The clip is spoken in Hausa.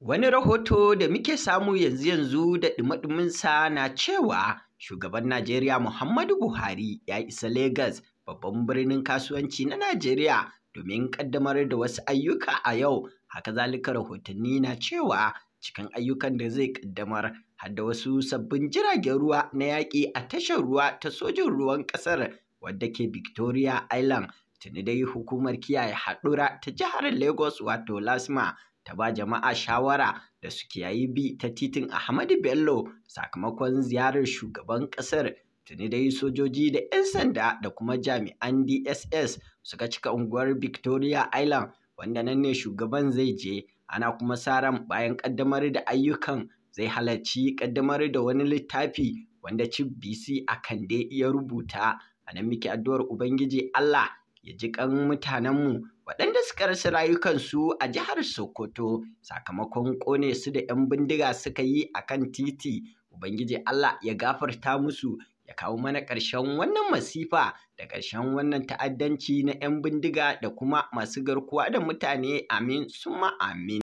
Wani rahoto da muke samu yanzu-yanzu da ɗumi sa na cewa Shugaban Najeriya Muhammadu Buhari ya isa Legas, babban birnin kasuwanci na Najeriya, domin ƙaddamar da wasu ayyuka a yau. Haka zalika rahotanni na cewa cikin ayyukan da zai ƙaddamar har da wasu sabbin jiragen ruwa na yaƙi a tashar ruwa ta sojin ruwan ƙasar wadda ke Victoria Island. Tuni dai hukumar kiyaye haɗura ta jihar Lagos wato LASMA ta ba jama'a shawara da su kiyayi bi ta titin Ahmadu Bello sakamakon ziyarar shugaban ƙasar tuni dai sojoji da 'yan sanda da kuma jami'an DSS suka cika unguwar Victoria Island wanda nan ne shugaban zai je ana kuma sa ran bayan ƙaddamar da ayyukan zai halarci ƙaddamar da wani littafi wanda cib BC a Kande iya rubuta a nan muke addu'ar Ubangiji Allah ya ji kan mutanenmu waɗanda suka rasa rayukansu a jihar Sokoto sakamakon ƙone su da 'yan bindiga suka yi a kan titi. Ubangiji Allah ya gafarta musu ya kawo mana ƙarshen wannan masifa da ƙarshen wannan ta'addanci na 'yan bindiga da kuma masu garkuwa da mutane amin suma amin.